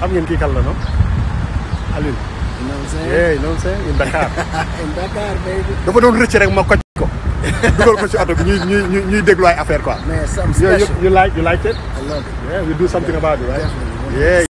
xam ngeen kii kan la noonu Alioune. non c'est eh, non c'est in Dakar. in Dakar baby. dafa doon rëcc rek ma koj ko. dugal ko ci oto bi ñuy ñuy ñuy déglu ay affaire quoi. mais some special. you you you like you like it. I love it. yeah we do something about it right. yeah.